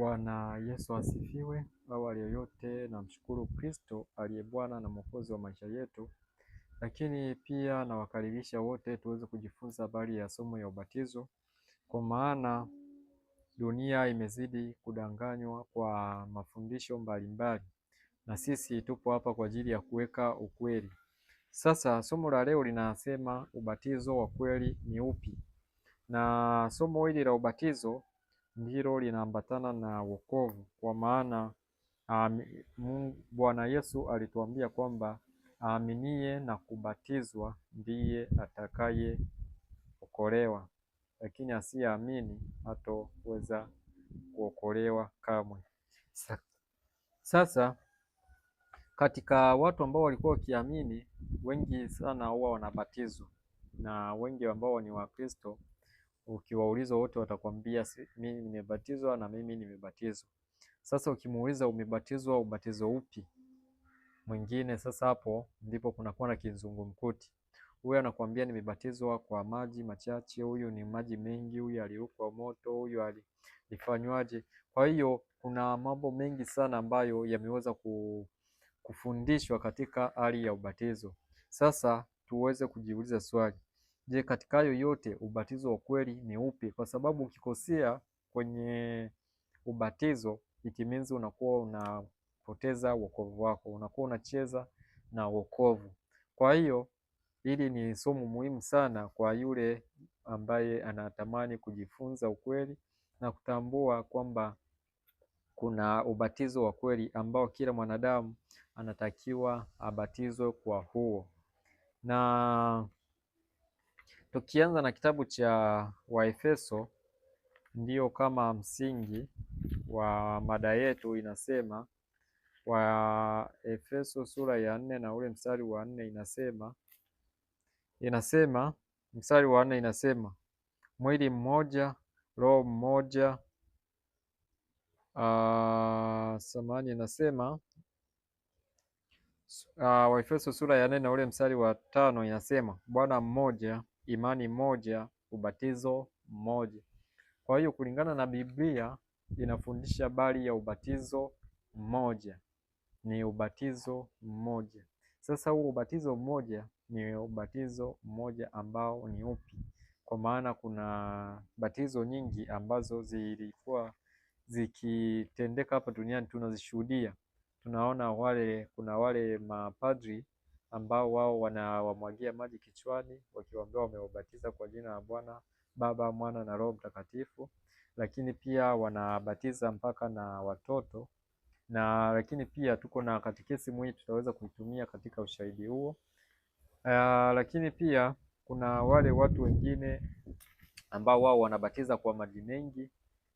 Bwana Yesu asifiwe. Awali ya yote, namshukuru Kristo aliye Bwana na Mwokozi wa maisha yetu, lakini pia nawakaribisha wote tuweze kujifunza habari ya somo ya ubatizo, kwa maana dunia imezidi kudanganywa kwa mafundisho mbalimbali, na sisi tupo hapa kwa ajili ya kuweka ukweli. Sasa somo la leo linasema ubatizo wa kweli ni upi? Na somo hili la ubatizo ndilo linaambatana na wokovu, kwa maana Bwana Yesu alituambia kwamba aaminie na kubatizwa ndiye atakayeokolewa, lakini asiyeamini hatoweza kuokolewa kamwe. Sasa katika watu ambao walikuwa wakiamini, wengi sana huwa wanabatizwa na wengi ambao ni Wakristo ukiwauliza wote watakwambia mimi nimebatizwa na mimi nimebatizwa. Sasa ukimuuliza umebatizwa ubatizo upi mwingine, sasa hapo ndipo kunakuwa na kizungumkuti. Huyu anakuambia nimebatizwa kwa maji machache, huyu ni maji mengi, huyu aliukwa moto, huyu alifanywaje. Kwa hiyo kuna mambo mengi sana ambayo yameweza kufundishwa katika hali ya ubatizo. Sasa tuweze kujiuliza swali Je, katika hayo yote ubatizo wa kweli ni upi? Kwa sababu ukikosea kwenye ubatizo it means unakuwa unapoteza wokovu wako, unakuwa unacheza na wokovu. Kwa hiyo hili ni somo muhimu sana kwa yule ambaye anatamani kujifunza ukweli na kutambua kwamba kuna ubatizo wa kweli ambao kila mwanadamu anatakiwa abatizwe kwa huo na Tukianza na kitabu cha Waefeso, ndio kama msingi wa mada yetu, inasema Waefeso sura ya nne na ule mstari wa nne inasema inasema mstari wa nne inasema mwili mmoja, roho mmoja. Ah, samani inasema uh, Waefeso sura ya nne na ule mstari wa tano inasema Bwana mmoja imani moja, ubatizo mmoja. Kwa hiyo kulingana na Biblia inafundisha habari ya ubatizo mmoja, ni ubatizo mmoja. Sasa huo ubatizo mmoja ni ubatizo mmoja ambao ni upi? Kwa maana kuna batizo nyingi ambazo zilikuwa zikitendeka hapa duniani tunazishuhudia. Tunaona wale kuna wale mapadri ambao wao wanawamwagia maji kichwani wakiwaambia wamewabatiza kwa jina la Bwana, Baba, Mwana na Roho Mtakatifu, lakini pia wanabatiza mpaka na watoto na lakini pia tuko na katekesi hii tutaweza kuitumia katika ushahidi huo. Uh, lakini pia kuna wale watu wengine ambao wao wanabatiza kwa maji mengi,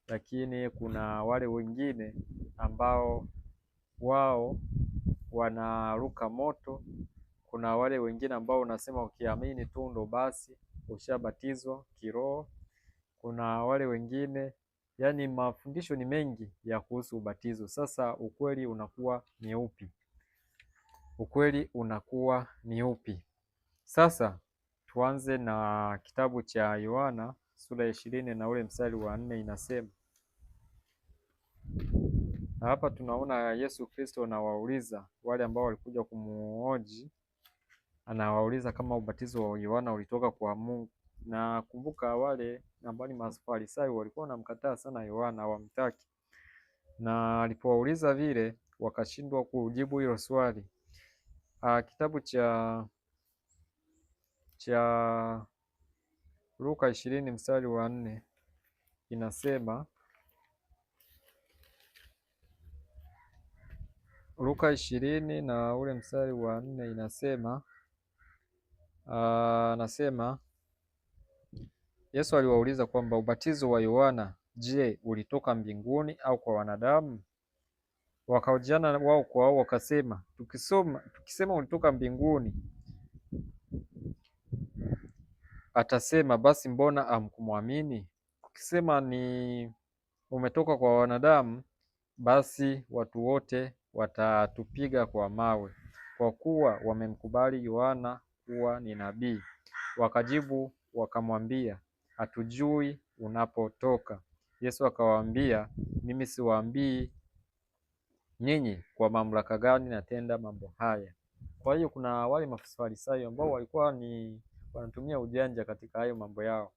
lakini kuna wale wengine ambao wao wanaruka moto kuna wale wengine ambao unasema ukiamini tu ndo basi ushabatizwa kiroho. Kuna wale wengine yani, mafundisho ni mengi ya kuhusu ubatizo. Sasa ukweli unakuwa ni upi? Ukweli unakuwa ni upi? Sasa tuanze na kitabu cha Yohana sura ya ishirini na ule mstari wa nne inasema na hapa tunaona Yesu Kristo anawauliza wale ambao walikuja kumuoji anawauliza kama ubatizo wa Yohana ulitoka kwa Mungu. Na kumbuka wale ambao ni Mafarisayo walikuwa wanamkataa sana Yohana, hawamtaki, na alipowauliza vile wakashindwa kujibu hilo swali. Aa, ah, kitabu cha cha Luka ishirini mstari wa nne inasema Luka ishirini na ule mstari wa nne inasema anasema ah, Yesu aliwauliza kwamba ubatizo wa Yohana, je, ulitoka mbinguni au kwa wanadamu? Wakaojiana wao kwa wao wakasema, tukisoma tukisema ulitoka mbinguni atasema basi, mbona amkumwamini? Tukisema ni umetoka kwa wanadamu, basi watu wote watatupiga kwa mawe, kwa kuwa wamemkubali Yohana kuwa ni nabii? Wakajibu wakamwambia, hatujui unapotoka. Yesu akawaambia, mimi siwaambii nyinyi kwa mamlaka gani natenda mambo haya. Kwa hiyo kuna wale mafarisayo ambao walikuwa ni wanatumia ujanja katika hayo mambo yao,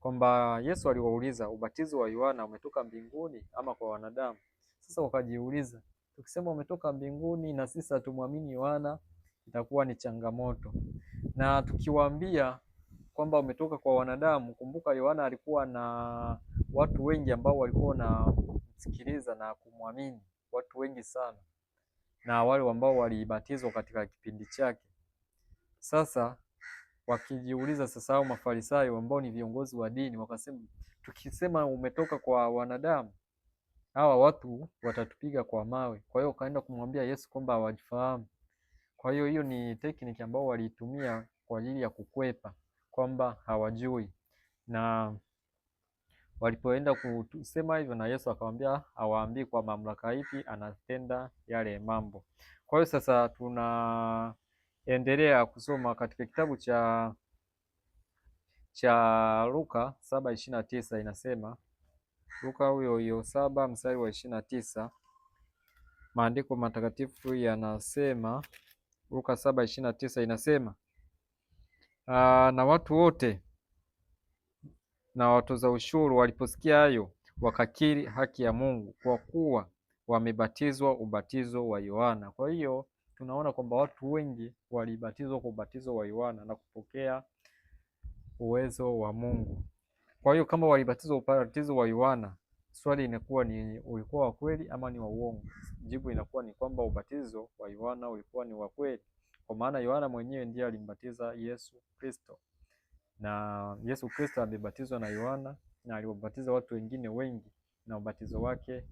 kwamba Yesu aliwauliza ubatizo wa Yohana umetoka mbinguni ama kwa wanadamu? Sasa wakajiuliza, tukisema umetoka mbinguni na sisi hatumwamini Yohana itakuwa ni changamoto. Na tukiwaambia kwamba umetoka kwa wanadamu, kumbuka Yohana alikuwa na watu wengi ambao walikuwa wanamsikiliza na kumwamini, watu wengi sana, na wale ambao walibatizwa katika kipindi chake. Sasa wakijiuliza sasa, hao mafarisayo ambao ni viongozi wa dini wakasema, tukisema umetoka kwa wanadamu hawa watu watatupiga kwa mawe. Kwa hiyo wakaenda kumwambia Yesu kwamba hawajifahamu. Kwa hiyo hiyo ni tekniki ambao walitumia kwa ajili ya kukwepa kwamba hawajui, na walipoenda kusema hivyo na Yesu akamwambia awaambi kwa mamlaka ipi anatenda yale mambo. Kwa hiyo sasa tunaendelea kusoma katika kitabu cha cha Luka saba ishirini na tisa inasema Luka huyo hiyo saba mstari wa ishirini na tisa maandiko matakatifu yanasema Luka saba ishirini na tisa inasema aa, ah, na watu wote na watoza ushuru waliposikia hayo wakakiri haki ya Mungu kwa kuwa wamebatizwa ubatizo wa Yohana. Kwa hiyo tunaona kwamba watu wengi walibatizwa kwa ubatizo wa Yohana na kupokea uwezo wa Mungu. Kwa hiyo kama walibatizwa ubatizo wa Yohana, swali inakuwa ni ulikuwa wa kweli ama ni wa uongo? jibu inakuwa ni kwamba ubatizo wa Yohana ulikuwa ni wa kweli, kwa maana Yohana mwenyewe ndiye alimbatiza Yesu Kristo, na Yesu Kristo alibatizwa na Yohana na aliwabatiza watu wengine wengi, na ubatizo wake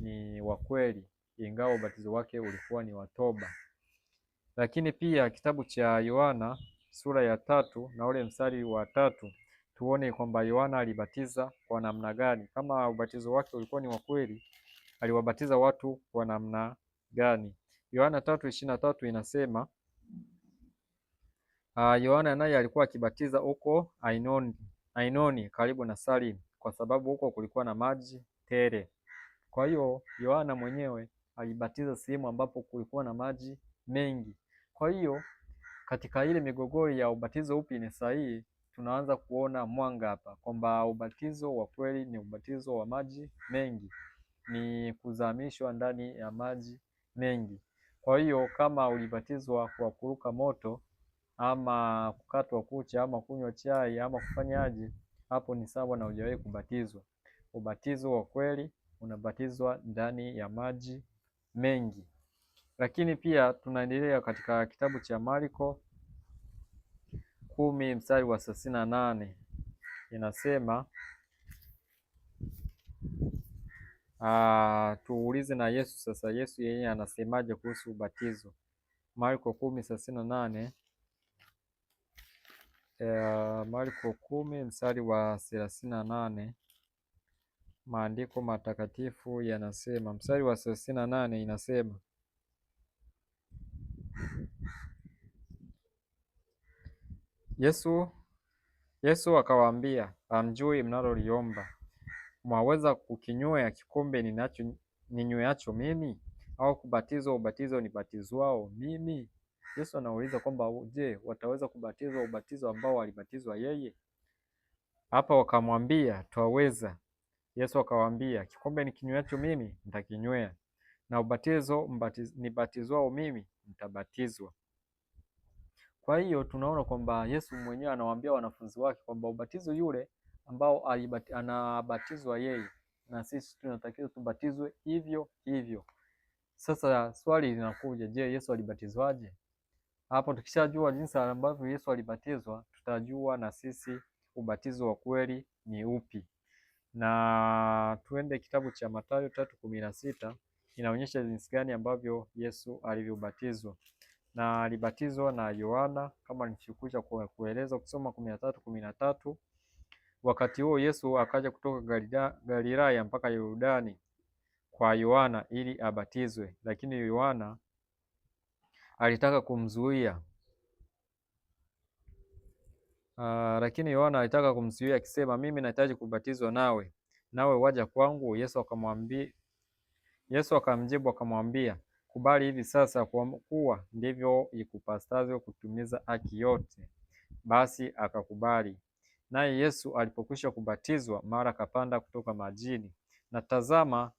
ni wa kweli, ingawa ubatizo wake ulikuwa ni wa toba. Lakini pia kitabu cha Yohana sura ya tatu na ule mstari wa tatu tuone kwamba Yohana alibatiza kwa namna gani. Kama ubatizo wake ulikuwa ni wa kweli, aliwabatiza watu kwa namna gani? Yohana tatu ishirini na tatu inasema uh, Yohana naye alikuwa akibatiza huko Ainoni, Ainoni karibu na Salim, kwa sababu huko kulikuwa na maji tele. Kwa hiyo Yohana mwenyewe alibatiza sehemu ambapo kulikuwa na maji mengi. Kwa hiyo katika ile migogoro ya ubatizo upi ni sahihi, tunaanza kuona mwanga hapa kwamba ubatizo wa kweli ni ubatizo wa maji mengi ni kuzamishwa ndani ya maji mengi. Kwa hiyo kama ulibatizwa kwa kuruka moto ama kukatwa kucha ama kunywa chai ama kufanyaje, hapo ni sawa na hujawahi kubatizwa. Ubatizo wa kweli unabatizwa ndani ya maji mengi. Lakini pia tunaendelea katika kitabu cha Marko kumi mstari wa thelathini na nane inasema Uh, tuulize na Yesu sasa. Yesu yeye anasemaje kuhusu ubatizo? Marko kumi thelathini na nane eh, Marko kumi mstari wa thelathini na nane maandiko matakatifu yanasema, mstari wa thelathini na nane inasema Yesu Yesu akawaambia, hamjui mnaloliomba mwaweza kukinywea kikombe ninacho ninyweacho mimi, au kubatizwa ubatizo nibatizwao mimi? Yesu anauliza kwamba je, wataweza kubatizwa ubatizo ambao walibatizwa yeye? Hapa wakamwambia twaweza. Yesu akawaambia, kikombe nikinyweacho mimi nitakinywea, na ubatizo mbatiz, nibatizwao mimi nitabatizwa. Kwa hiyo tunaona kwamba Yesu mwenyewe anawaambia wanafunzi wake kwamba ubatizo yule ambao anabatizwa yeye, na sisi tunatakiwa tubatizwe hivyo hivyo. Sasa swali linakuja, je, Yesu alibatizwaje? Hapo tukishajua jinsi ambavyo Yesu alibatizwa, tutajua na sisi ubatizo wa kweli ni upi. Na tuende kitabu cha Mathayo tatu kumi na sita inaonyesha jinsi gani ambavyo Yesu alivyobatizwa, na alibatizwa na Yohana kama nilivyokuja kueleza kusoma kumi na tatu kumi na tatu Wakati huo Yesu akaja kutoka Galilaya mpaka Yordani kwa Yohana ili abatizwe, lakini Yohana alitaka kumzuia. Uh, lakini Yohana alitaka kumzuia akisema, mimi nahitaji kubatizwa nawe, nawe waja kwangu? Yesu akamwambia, Yesu akamjibu akamwambia, kubali hivi sasa, kwa kuwa ndivyo ikupasavyo kutimiza haki yote. Basi akakubali. Naye Yesu alipokwisha kubatizwa, mara akapanda kutoka majini, na tazama,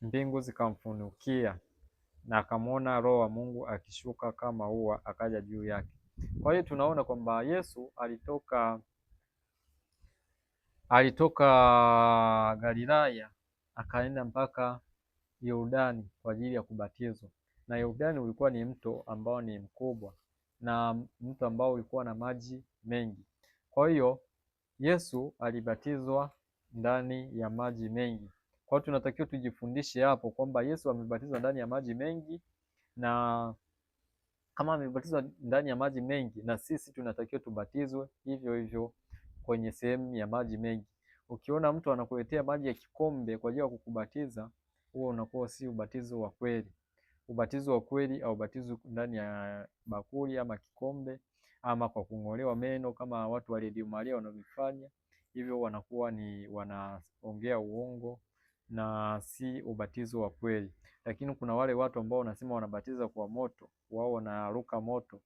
mbingu zikamfunukia, na akamwona Roho wa Mungu akishuka kama ua, akaja juu yake. Kwa hiyo tunaona kwamba Yesu alitoka alitoka Galilaya akaenda mpaka Yordani kwa ajili ya kubatizwa, na Yordani ulikuwa ni mto ambao ni mkubwa na mto ambao ulikuwa na maji mengi, kwa hiyo Yesu alibatizwa ndani ya maji mengi. Kwa hiyo tunatakiwa tujifundishe hapo kwamba Yesu amebatizwa ndani ya maji mengi, na kama amebatizwa ndani ya maji mengi, na sisi tunatakiwa tubatizwe hivyo hivyo kwenye sehemu ya maji mengi. Ukiona mtu anakuletea maji ya kikombe kwa ajili ya kukubatiza, huo unakuwa si ubatizo wa kweli. Ubatizo wa kweli ubatizo ndani ya bakuli ama kikombe ama kwa kung'olewa meno kama watu waliojumalia wanavyofanya. Hivyo wanakuwa ni wanaongea uongo na si ubatizo wa kweli. Lakini kuna wale watu ambao wanasema wanabatiza kwa moto, wao wanaruka moto,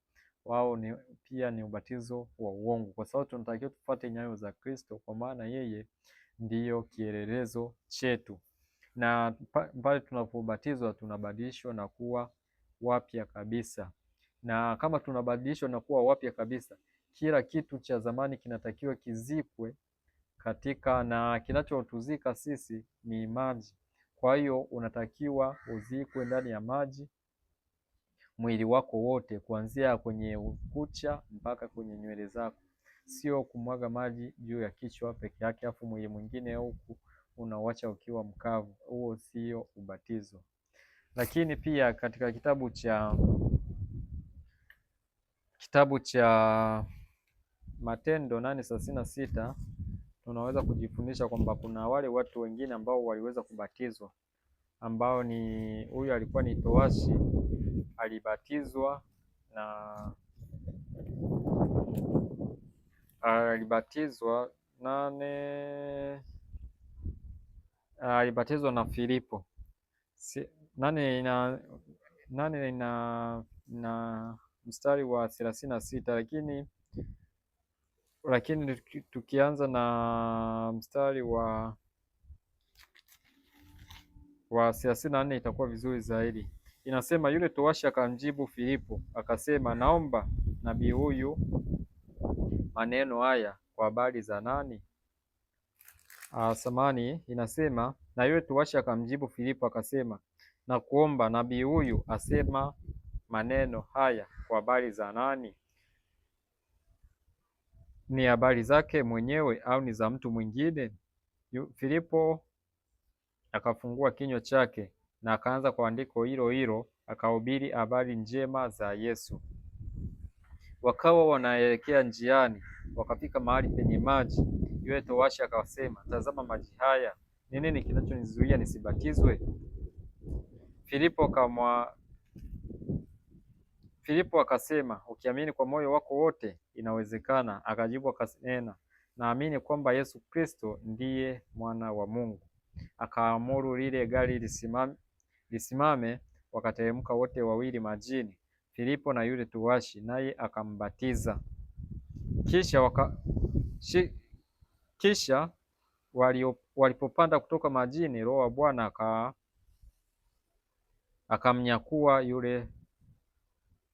wao ni pia ni ubatizo wa uongo, kwa sababu tunatakiwa tupate nyayo za Kristo, kwa maana yeye ndiyo kielelezo chetu, na pale tunapobatizwa tunabadilishwa na kuwa wapya kabisa na kama tunabadilishwa na kuwa wapya kabisa, kila kitu cha zamani kinatakiwa kizikwe katika, na kinachotuzika sisi ni maji. Kwa hiyo unatakiwa uzikwe ndani ya maji mwili wako wote, kuanzia kwenye kucha mpaka kwenye nywele zako, sio kumwaga maji juu ya kichwa peke yake, afu mwili mwingine huku unauacha ukiwa mkavu. Huo sio ubatizo. Lakini pia katika kitabu cha kitabu cha Matendo nane thelathini na sita tunaweza kujifundisha kwamba kuna wale watu wengine ambao waliweza kubatizwa ambao ni huyu alikuwa ni toashi alibatizwa na alibatizwa nane alibatizwa na Filipo si, nane ina nane ina na mstari wa thelathini na sita lakini lakini tukianza na mstari wa wa thelathini na nne itakuwa vizuri zaidi. Inasema, yule towashi akamjibu Filipo akasema, naomba nabii huyu maneno haya kwa habari za nani? Ah, samani inasema, na yule towashi akamjibu Filipo akasema, na kuomba nabii huyu asema maneno haya kwa habari za nani? Ni habari zake mwenyewe au ni za mtu mwingine? Filipo akafungua kinywa chake na akaanza kwa andiko hilo hilo, akahubiri habari njema za Yesu. Wakawa wanaelekea njiani, wakafika mahali penye maji. Yule towashi akasema, tazama maji haya, ni nini kinachonizuia nisibatizwe? Filipo kamwa Filipo akasema, ukiamini kwa moyo wako wote inawezekana. Akajibu akasema, naamini kwamba Yesu Kristo ndiye mwana wa Mungu. Akaamuru lile gari lisimame, lisimame. Wakateremka wote wawili majini, Filipo na yule tuwashi, naye akambatiza. Kisha waka, shi, kisha walio, walipopanda kutoka majini, Roho wa Bwana akamnyakua yule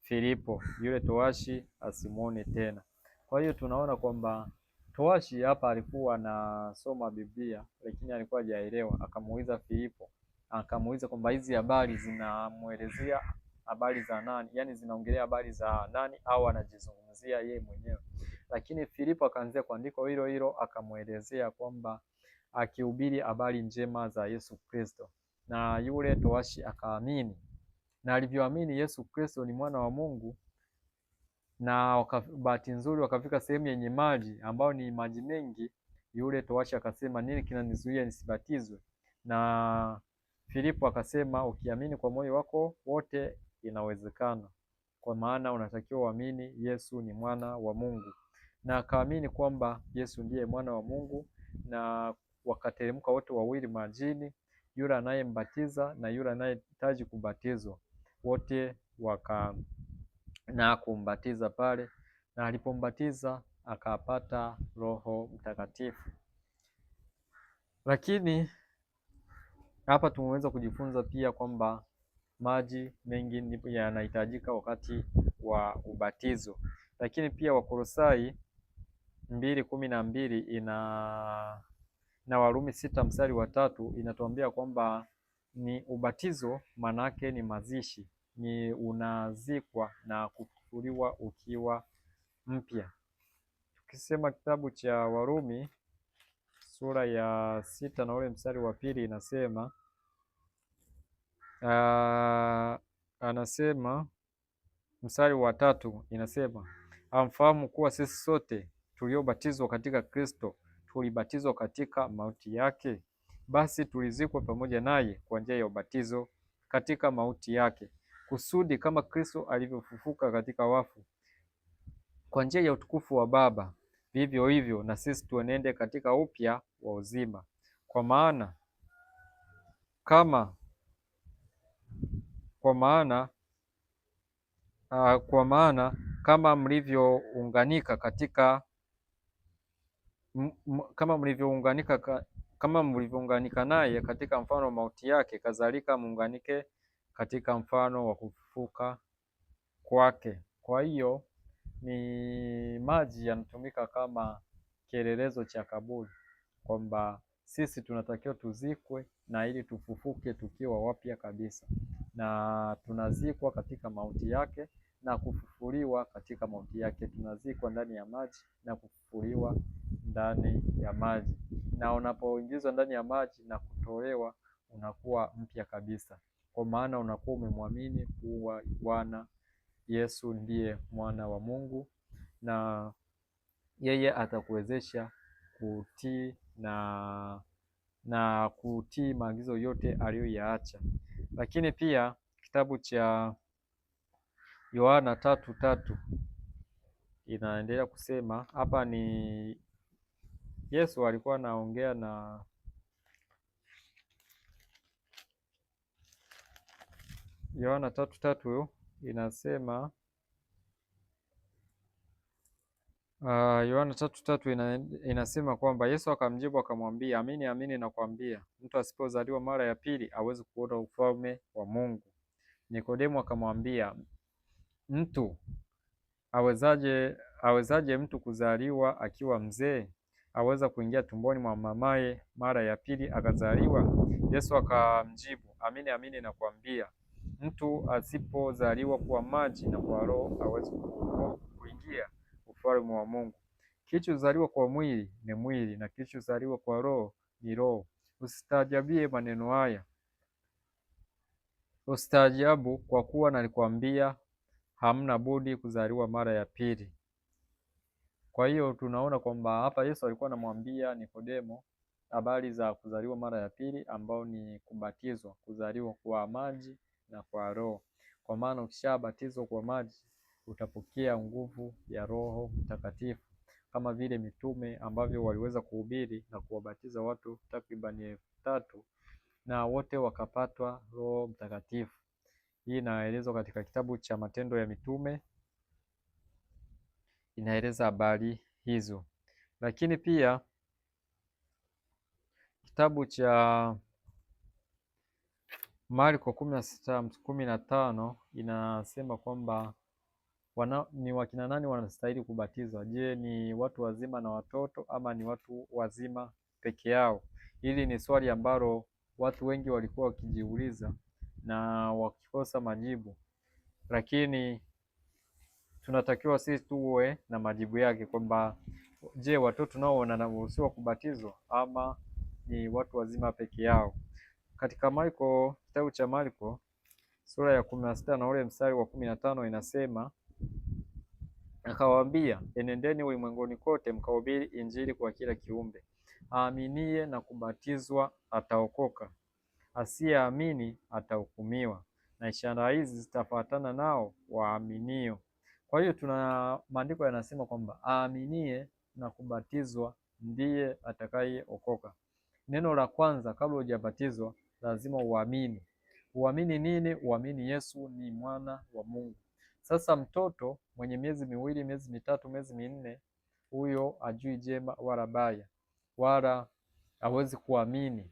Filipo, yule towashi asimuone tena. Kwa hiyo tunaona kwamba towashi hapa alikuwa anasoma Biblia lakini alikuwa hajaelewa, akamuuliza Filipo, akamuuliza kwamba hizi habari zinamuelezea habari za nani? Yaani zinaongelea habari za nani au anajizungumzia yeye mwenyewe? Lakini Filipo akaanzia kuandika hilo hilo akamuelezea kwamba akihubiri habari njema za Yesu Kristo, na yule towashi akaamini na alivyoamini Yesu Kristo ni mwana wa Mungu, na bahati nzuri wakafika sehemu yenye maji ambayo ni maji mengi, yule towashi akasema, nini kinanizuia nisibatizwe? Na Filipo akasema, ukiamini kwa moyo wako wote inawezekana, kwa maana unatakiwa uamini Yesu ni mwana wa Mungu. Na akaamini kwamba Yesu ndiye mwana wa Mungu, na wakateremka wote wawili majini, yule anayembatiza na yule anayehitaji kubatizwa wote waka na kumbatiza pale, na alipombatiza akapata Roho Mtakatifu. Lakini hapa tumeweza kujifunza pia kwamba maji mengi yanahitajika wakati wa ubatizo, lakini pia Wakolosai mbili kumi na mbili ina na Warumi sita mstari wa tatu inatuambia kwamba ni ubatizo, manake ni mazishi, ni unazikwa na kufufuliwa ukiwa mpya. Tukisema kitabu cha Warumi sura ya sita na ule mstari wa pili inasema uh, anasema mstari wa tatu inasema amfahamu kuwa sisi sote tuliobatizwa katika Kristo tulibatizwa katika mauti yake basi tulizikwa pamoja naye kwa njia ya ubatizo katika mauti yake, kusudi kama Kristo alivyofufuka katika wafu kwa njia ya utukufu wa Baba, vivyo hivyo na sisi tuenende katika upya wa uzima. Kwa maana kama kwa maana uh, kwa maana kama mlivyounganika katika m, m, kama mlivyounganika kama mlivyounganika naye katika mfano wa mauti yake, kadhalika muunganike katika mfano wa kufufuka kwake. Kwa hiyo ni maji yanatumika kama kielelezo cha kaburi kwamba sisi tunatakiwa tuzikwe na ili tufufuke tukiwa wapya kabisa, na tunazikwa katika mauti yake na kufufuliwa katika mauti yake. Tunazikwa ndani ya maji na kufufuliwa ndani ya maji, na unapoingizwa ndani ya maji na kutolewa, unakuwa mpya kabisa, kwa maana unakuwa umemwamini kuwa Bwana Yesu ndiye mwana wa Mungu, na yeye atakuwezesha kutii na na kutii maagizo yote aliyoyaacha. Lakini pia kitabu cha Yohana tatu tatu inaendelea kusema hapa ni Yesu alikuwa anaongea na Yohana tatu tatu inasema ah, Yohana uh, tatu tatu ina, inasema kwamba Yesu akamjibu akamwambia, amini amini nakwambia, mtu asipozaliwa mara ya pili hawezi kuona ufalme wa Mungu. Nikodemo akamwambia, mtu awezaje awezaje mtu kuzaliwa akiwa mzee? aweza kuingia tumboni mwa mamaye mara ya pili akazaliwa? Yesu akamjibu, amini amini nakwambia, mtu asipozaliwa kwa maji na kwa roho hawezi kuingia ufalme wa Mungu. Kilichozaliwa kwa mwili ni mwili, na kilichozaliwa kwa roho ni roho. usitajabie maneno haya, ustajabu kwa kuwa nalikwambia hamna budi kuzaliwa mara ya pili. Kwa hiyo tunaona kwamba hapa Yesu alikuwa anamwambia Nikodemo habari za kuzaliwa mara ya pili, ambao ni kubatizwa, kuzaliwa kwa maji na kwa Roho, kwa maana ukishabatizwa kwa maji utapokea nguvu ya Roho Mtakatifu kama vile mitume ambavyo waliweza kuhubiri na kuwabatiza watu takribani elfu tatu na wote wakapatwa Roho Mtakatifu. Hii inaelezwa katika kitabu cha Matendo ya Mitume inaeleza habari hizo, lakini pia kitabu cha Marko kumi na sita kumi na tano inasema kwamba wana, ni wakina nani wanastahili kubatizwa? Je, ni watu wazima na watoto ama ni watu wazima peke yao? Hili ni swali ambalo watu wengi walikuwa wakijiuliza na wakikosa majibu, lakini tunatakiwa sisi tuwe na majibu yake kwamba je, watoto nao wanaruhusiwa kubatizwa ama ni watu wazima peke yao? Katika Marko, kitabu cha Marko sura ya kumi na sita na ule mstari wa kumi na tano inasema akawaambia, enendeni ulimwenguni kote mkahubiri injili kwa kila kiumbe, aaminie na kubatizwa ataokoka, asiyeamini atahukumiwa. Na ishara hizi zitafuatana nao waaminio. Kwa hiyo tuna maandiko yanasema kwamba aaminie na kubatizwa ndiye atakayeokoka. Neno la kwanza, kabla hujabatizwa lazima uamini. Uamini nini? Uamini Yesu ni mwana wa Mungu. Sasa mtoto mwenye miezi miwili, miezi mitatu, miezi minne, huyo ajui jema wala baya, wala hawezi kuamini,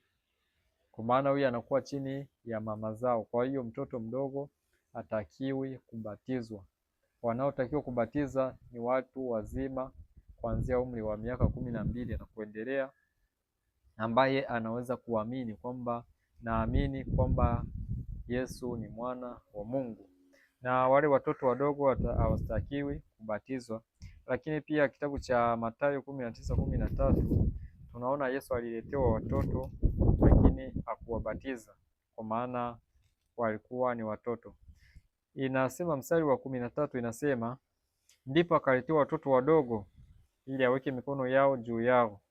kwa maana huyo anakuwa chini ya mama zao. Kwa hiyo mtoto mdogo atakiwi kubatizwa. Wanaotakiwa kubatiza ni watu wazima kuanzia umri wa miaka kumi na mbili na kuendelea, ambaye anaweza kuamini kwamba naamini kwamba Yesu ni mwana wa Mungu. Na wale watoto wadogo hawastakiwi kubatizwa. Lakini pia kitabu cha Mathayo kumi na tisa kumi na tatu tunaona Yesu aliletewa watoto, lakini hakuwabatiza kwa maana walikuwa ni watoto inasema mstari wa kumi na tatu inasema ndipo akaletewa watoto wadogo ili aweke mikono yao juu yao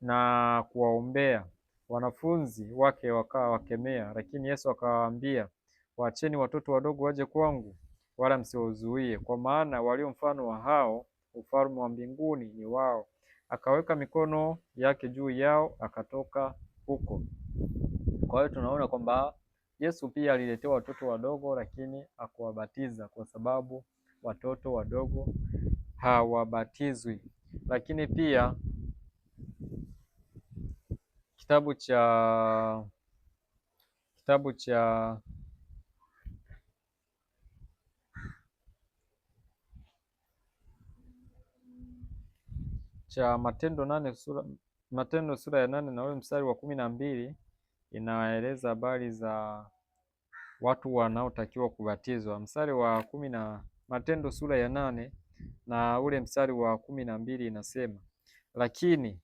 na kuwaombea. Wanafunzi wake wakawakemea, lakini Yesu akawaambia, waacheni watoto wadogo waje kwangu, wala msiwazuie, kwa maana walio mfano wa hao, ufalme wa mbinguni ni wao. Akaweka mikono yake juu yao, akatoka huko. Kwa hiyo tunaona kwamba Yesu pia aliletewa watoto wadogo, lakini hakuwabatiza kwa sababu watoto wadogo hawabatizwi. Lakini pia kitabu cha kitabu cha cha Matendo nane sura Matendo sura ya nane na ule mstari wa kumi na mbili inaeleza habari za watu wanaotakiwa kubatizwa, mstari wa kumi na Matendo sura ya nane na ule mstari wa kumi na mbili inasema, lakini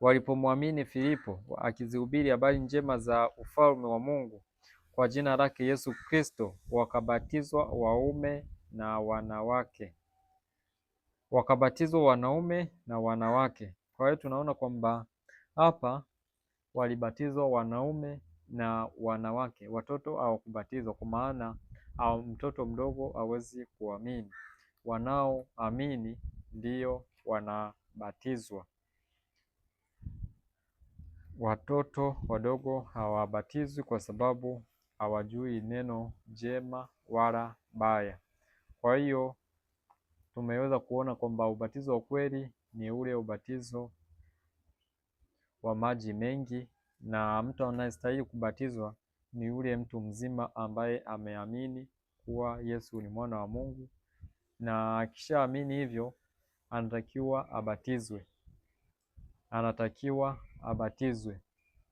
walipomwamini Filipo akizihubiri habari njema za ufalme wa Mungu kwa jina lake Yesu Kristo, wakabatizwa waume na wanawake, wakabatizwa wanaume na wanawake. Kwa hiyo tunaona kwamba hapa walibatizwa wanaume na wanawake, watoto hawakubatizwa, kwa maana au mtoto mdogo hawezi kuamini. Wanaoamini ndio wanabatizwa. Watoto wadogo hawabatizwi kwa sababu hawajui neno jema wala baya. Kwa hiyo tumeweza kuona kwamba ubatizo wa kweli ni ule ubatizo wa maji mengi, na mtu anayestahili kubatizwa ni yule mtu mzima ambaye ameamini kuwa Yesu ni mwana wa Mungu, na akishaamini hivyo anatakiwa abatizwe, anatakiwa abatizwe,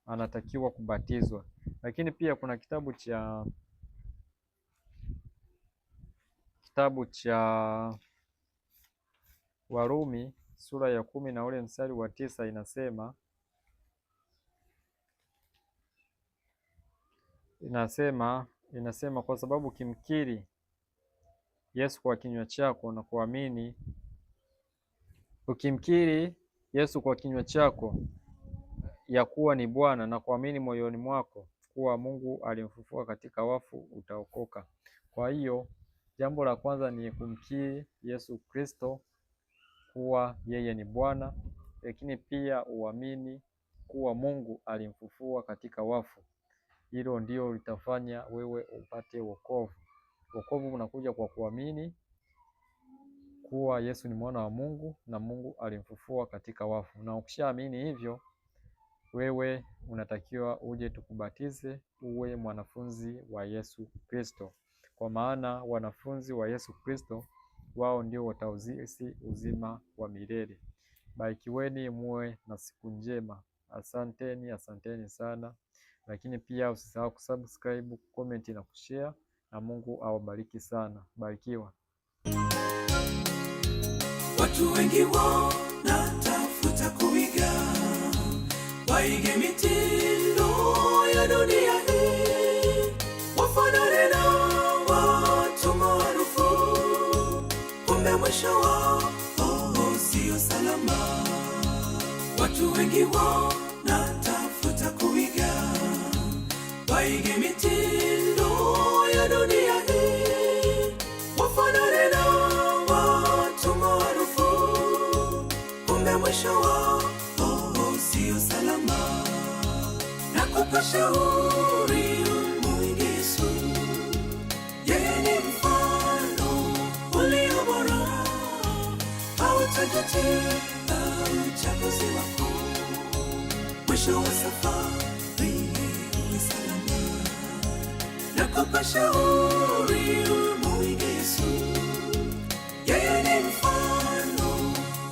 anatakiwa kubatizwa. Lakini pia kuna kitabu cha kitabu cha Warumi sura ya kumi na ule mstari wa tisa inasema inasema inasema kwa sababu ukimkiri Yesu kwa kinywa chako na kuamini, ukimkiri Yesu kwa kinywa chako ya kuwa ni Bwana na kuamini moyoni mwako kuwa Mungu alimfufua katika wafu, utaokoka. Kwa hiyo jambo la kwanza ni kumkiri Yesu Kristo kuwa yeye ni Bwana, lakini pia uamini kuwa Mungu alimfufua katika wafu hilo ndio litafanya wewe upate wokovu. Wokovu unakuja kwa kuamini kuwa Yesu ni mwana wa Mungu na Mungu alimfufua katika wafu, na ukishaamini hivyo, wewe unatakiwa uje tukubatize uwe mwanafunzi wa Yesu Kristo, kwa maana wanafunzi wa Yesu Kristo wao ndio watauzisi uzima wa milele. baikiweni muwe na siku njema. Asanteni, asanteni sana lakini pia usisahau kusubscribe, comment na kushare, na Mungu awabariki sana. Barikiwa. Watu wengi wanatafuta kuiga, waige mitindo ya dunia hii, wafanane na watu maarufu, kumbe mwisho wao sio salama. Watu wengi wanatafuta waige mitindo ya dunia hii, wafanane na watu maarufu, kumbe mwisho wao oh, sio salama. Nakupa shauri mwige Yesu, yeye ni mfano ulio bora, hautajutia uchaguzi wako mwisho wa safari hapa shauri ulimwengu Yesu, yeye ni mfano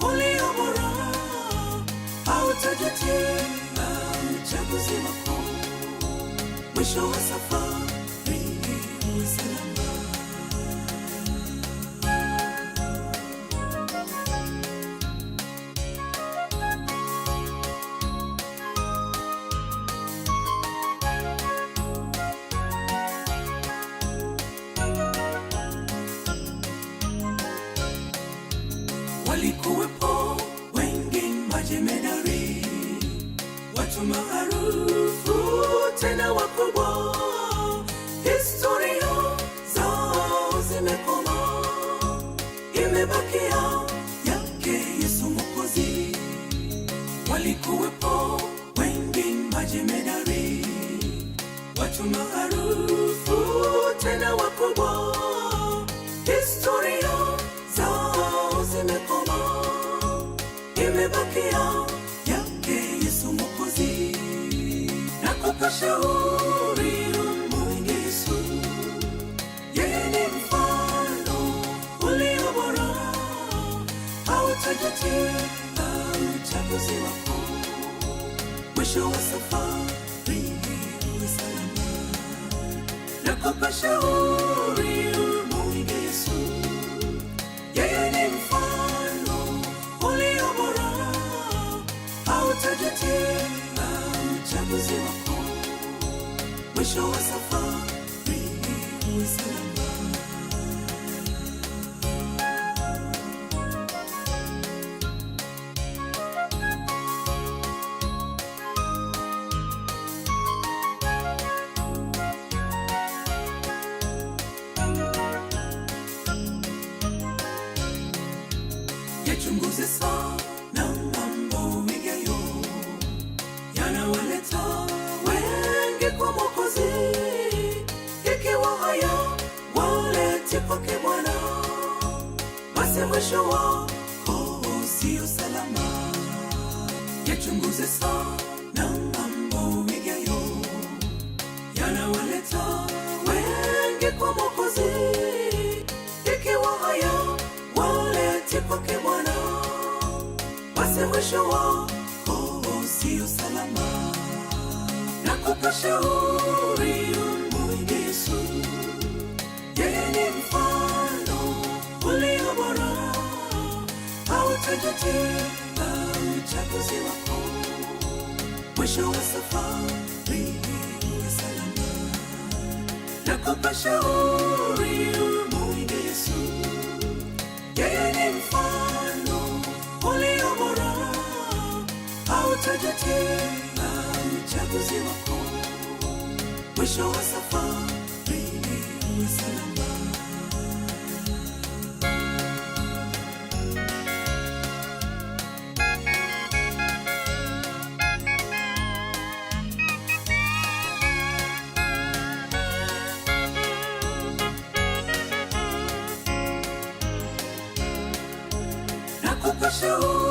ulio bora, hautajua tena uchaguzi walikuwepo wengi majemedari, watu maarufu tena wakubwa, historia zao zimekoma, imebakia yake Yesu mokozi Walikuwepo wengi majemedari, watu maarufu tena wakubwa mapendo yake Yesu Mwokozi, nakupa shauri kwa Mwokozi, ikiwa haya waletikuke Bwana, basi mwisho wako sio salama. na shauri umwige Yesu, yeye ni mfano ulio bora, hautajutia tena uchaguzi wako mwisho wa safari Takupa shauri umuige Yesu, yeye ni mfano ulio bora, tena uchaguzi wako mwisho wa safari you